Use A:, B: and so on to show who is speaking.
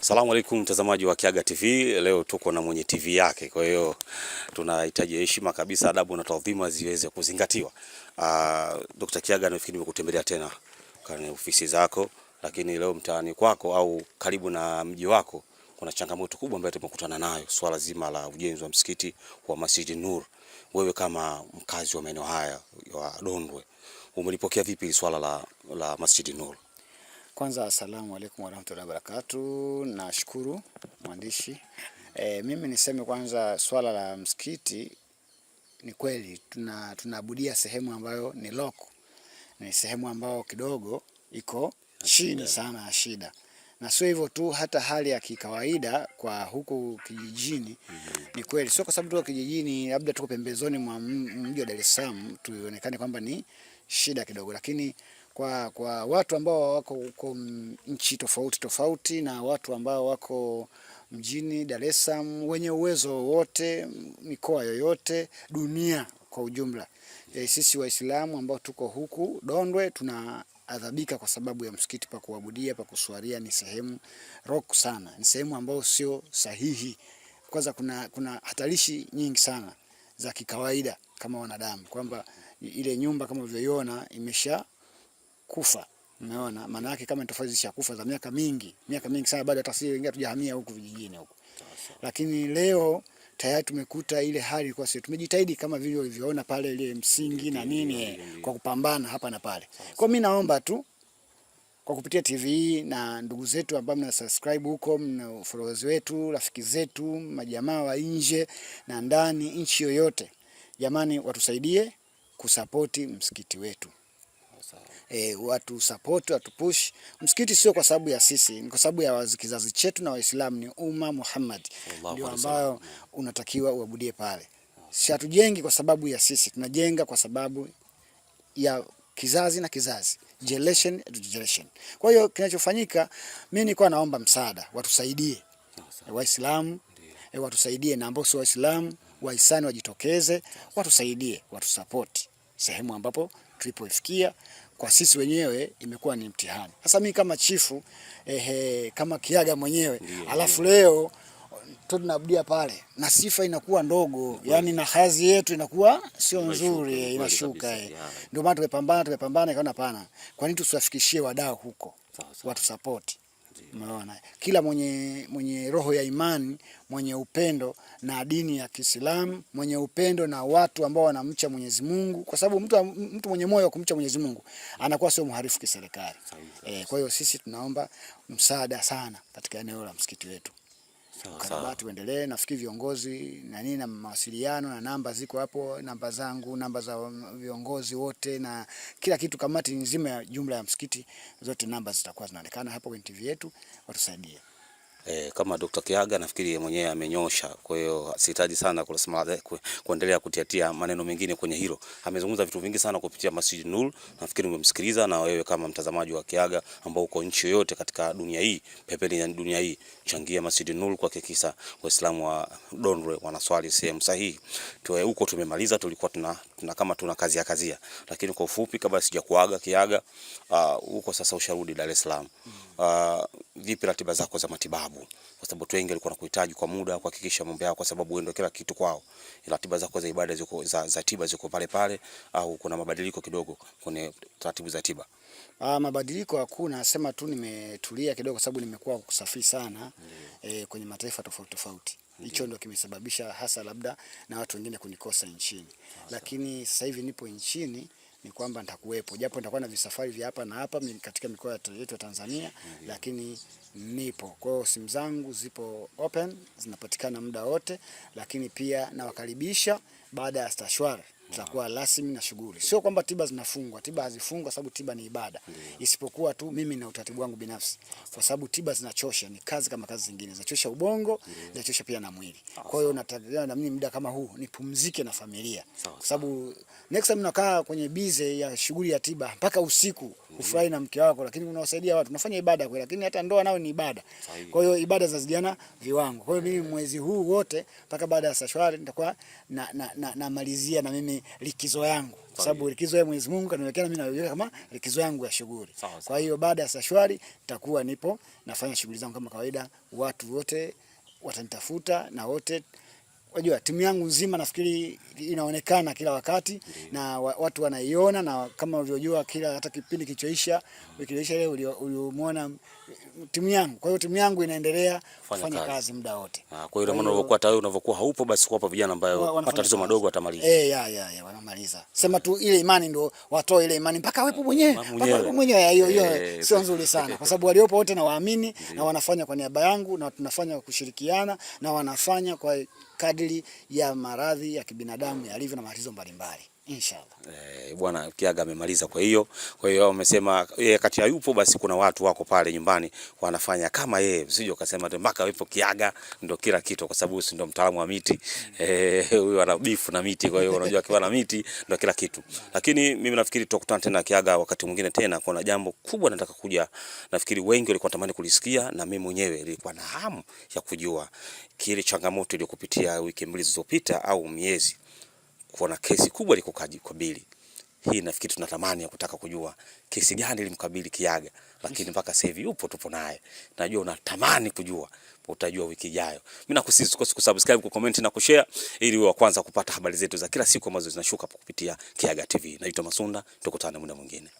A: Salamu alaikum mtazamaji wa Kiyaga TV, leo tuko na mwenye TV yake. Kwa hiyo tunahitaji heshima kabisa, adabu na taadhima ziweze kuzingatiwa. Uh, ah, Dr. Kiyaga nafikiri nimekutembelea tena kwenye ofisi zako, lakini leo mtaani kwako au karibu na mji wako kuna changamoto kubwa ambayo tumekutana nayo, swala zima la ujenzi wa msikiti wa Masjidi Nur. Wewe kama mkazi wa maeneo haya ya Dondwe umelipokea vipi swala la, la Masjidi Nur?
B: Kwanza, asalamu alaikum warahmatullahi wabarakatuh. Nashukuru mwandishi e, mimi niseme kwanza swala la msikiti ni kweli tuna tunaabudia sehemu ambayo ni lock, ni sehemu ambayo kidogo iko chini sana ya shida, na sio hivyo tu, hata hali ya kikawaida kwa huku kijijini mm -hmm. Ni kweli sio kwa sababu tuko kijijini, labda tuko pembezoni mwa mji wa Dar es Salaam tuonekane kwamba ni shida kidogo, lakini kwa, kwa watu ambao wako huko nchi tofauti tofauti na watu ambao wako mjini Dar es Salaam, wenye uwezo wote, mikoa yoyote, dunia kwa ujumla. E, sisi Waislamu ambao tuko huku Dondwe tuna adhabika kwa sababu ya msikiti pa kuabudia pa kuswalia ni sehemu rock sana, ni sehemu ambayo sio sahihi. Kwanza kuna, kuna hatarishi nyingi sana za kikawaida kama wanadamu kwamba ile nyumba kama vyoiona imesha kufa. Umeona maana yake kama tofauti za kufa za miaka mingi, miaka mingi sana, bado hata sisi wengine hatujahamia huku vijijini huku. Lakini leo tayari tumekuta ile hali ilikuwa sio. Tumejitahidi kama vile ulivyoona pale ile msingi na nini kwa kupambana hapa na pale. Kwa mimi naomba tu kwa kupitia TV na ndugu zetu ambao mna subscribe huko, mna followers wetu, rafiki zetu, majamaa wa nje na ndani, nchi yoyote, jamani, watusaidie kusapoti msikiti wetu. E, watu support, watu push msikiti, sio kwa sababu ya sisi, ni kwa sababu ya kizazi chetu na Waislamu ni umma Muhammad, ndio ambayo unatakiwa uabudie pale. Hatujengi kwa sababu ya sisi, tunajenga kwa sababu ya kizazi na kizazi, generation to generation. Kwa hiyo kinachofanyika, mimi nilikuwa naomba msaada, watusaidie eh, Waislamu e, watusaidie na ambao sio Waislamu, wahisani wajitokeze, watusaidie, watusapoti sehemu ambapo tulipoifikia kwa sisi wenyewe imekuwa ni mtihani. Sasa mimi kama chifu ehe, kama kiaga mwenyewe yeah, alafu yeah. leo tunabudia pale na sifa inakuwa ndogo yeah, Yani na hadhi yetu inakuwa sio nzuri, inashuka. Eh. Ndio maana tumepambana tumepambana, ikaona pana, kwa nini tusiwafikishie wadau huko watusapoti? Umeona, kila mwenye mwenye roho ya imani, mwenye upendo na dini ya Kiislamu, mwenye upendo na watu ambao wanamcha Mwenyezi Mungu, kwa sababu mtu, mtu mwenye moyo wa kumcha Mwenyezi Mungu anakuwa sio mharifu kiserikali. E, kwa hiyo sisi tunaomba msaada sana katika eneo la msikiti wetu. Sawa, uendelee Nafikiri viongozi na nini na mawasiliano na namba ziko hapo, namba zangu, namba za viongozi wote na kila kitu, kamati nzima ya jumla ya msikiti, zote namba zitakuwa zinaonekana hapo kwenye TV yetu, watusaidie.
A: E, kama Dr. Kiaga nafikiri yeye mwenyewe amenyosha, kwa hiyo sihitaji sana kuendelea kutiatia maneno mengine kwenye hilo. Amezungumza vitu vingi sana kupitia Masjid Nur, nafikiri umemsikiliza na wewe kama mtazamaji wa Kiaga ambao uko nchi yoyote katika dunia hii, pepeni ya dunia hii, changia Masjid Nur kuhakikisha Waislamu wa Donre wanaswali sehemu sahihi. Tuwe huko tumemaliza, tulikuwa tuna tuna kama tuna kazia kazia, lakini kwa ufupi, kabla sijakuaga kiaga ah, huko uh, sasa usharudi Dar es Salaam uh, vipi ratiba zako za matibabu? Kwa sababu watu wengi walikuwa wanakuhitaji kwa muda kuhakikisha mambo yao, kwa sababu ndio kila kitu kwao. Ratiba zako za ibada ziko za, za tiba ziko pale pale au kuna mabadiliko kidogo kwenye taratibu za tiba?
B: Ah, mabadiliko hakuna, sema tu nimetulia kidogo, kwa sababu nimekuwa kusafiri sana mm. E, kwenye mataifa tofauti tofauti hicho ndo kimesababisha hasa labda na watu wengine kunikosa nchini Asa. Lakini sasa hivi nipo nchini ni kwamba nitakuwepo japo nitakuwa na visafari vya hapa na hapa katika mikoa yetu ya Tanzania mm -hmm. Lakini nipo, kwa hiyo simu zangu zipo open zinapatikana muda wote, lakini pia nawakaribisha baada ya stashwara zitakuwa rasmi na shughuli. Sio kwamba tiba zinafungwa, tiba hazifungwa, sababu tiba ni ibada, isipokuwa tu mimi na utaratibu wangu binafsi, kwa sababu tiba zinachosha. Ni kazi kama kazi zingine, zinachosha ubongo, zinachosha pia na mwili. Kwa hiyo natarajia na mimi muda kama huu nipumzike na familia, kwa sababu next time nakaa kwenye bize ya shughuli ya tiba mpaka usiku ufurahi na mke wako, lakini unawasaidia watu, unafanya ibada kwa, lakini hata ndoa nao ni ibada. Kwa hiyo ibada zinazidiana viwango. Kwa hiyo mimi eh. mwezi huu wote mpaka baada ya sashwari nitakuwa namalizia na, na, na, na mimi likizo yangu, kwa sababu likizo ya Mwenyezi Mungu kaniwekea, mimi naweka kama likizo yangu ya shughuli. Kwa hiyo baada ya sashwari nitakuwa nipo nafanya shughuli zangu kama kawaida, watu wote watanitafuta na wote Unajua timu yangu nzima nafikiri inaonekana kila wakati yeah. Na watu wanaiona, na kama ulivyojua, kila hata kipindi kilichoisha wiki iliyoisha leo uliomwona timu yangu. Kwa hiyo timu yangu inaendelea kufanya kazi, kazi muda wote.
A: Ah, kwa hiyo ndio maana ulivyokuwa hata unavyokuwa haupo, basi kwa hapa vijana ambao matatizo madogo watamaliza
B: eh, ya ya ya wanamaliza, sema tu ile imani ndio watoe ile imani mpaka wepo mwenyewe mpaka wepo mwenyewe. Hiyo hiyo eh. sio nzuri sana, kwa sababu waliopo wote na waamini na wanafanya kwa niaba yangu na tunafanya kwa kushirikiana na wanafanya kwa kadiri ya maradhi ya kibinadamu yalivyo na matatizo mbalimbali. Inshallah.
A: Eh, bwana Kiaga amemaliza kwa hiyo. Kwa hiyo amesema yeye kati ya yupo basi kuna watu wako pale nyumbani wanafanya kama yeye. Usije ukasema mpaka yupo Kiaga ndio kila kitu kwa sababu si ndio mtaalamu wa miti. Eh, huyu ana bifu na miti kwa hiyo unajua kiwa na miti ndio kila kitu. Lakini mimi nafikiri tutakutana tena Kiaga wakati mwingine tena kuna jambo kubwa nataka kuja. Nafikiri wengi walikuwa tamani kulisikia na mimi mwenyewe nilikuwa na hamu ya kujua kile changamoto iliyokupitia wiki mbili zilizopita au miezi kuona kesi kubwa ilikokabili. Hii nafikiri tunatamani ya kutaka kujua kesi gani ilimkabili kiaga lakini mpaka sasa hivi yupo, tupo naye. Najua unatamani kujua, utajua wiki ijayo. Mimi nakusisitiza usikose kusubscribe, kucomment na kushare ili uwe wa kwanza kupata habari zetu za kila siku ambazo zinashuka kupitia kiaga TV. Naitwa Masunda, tukutane muda mwingine.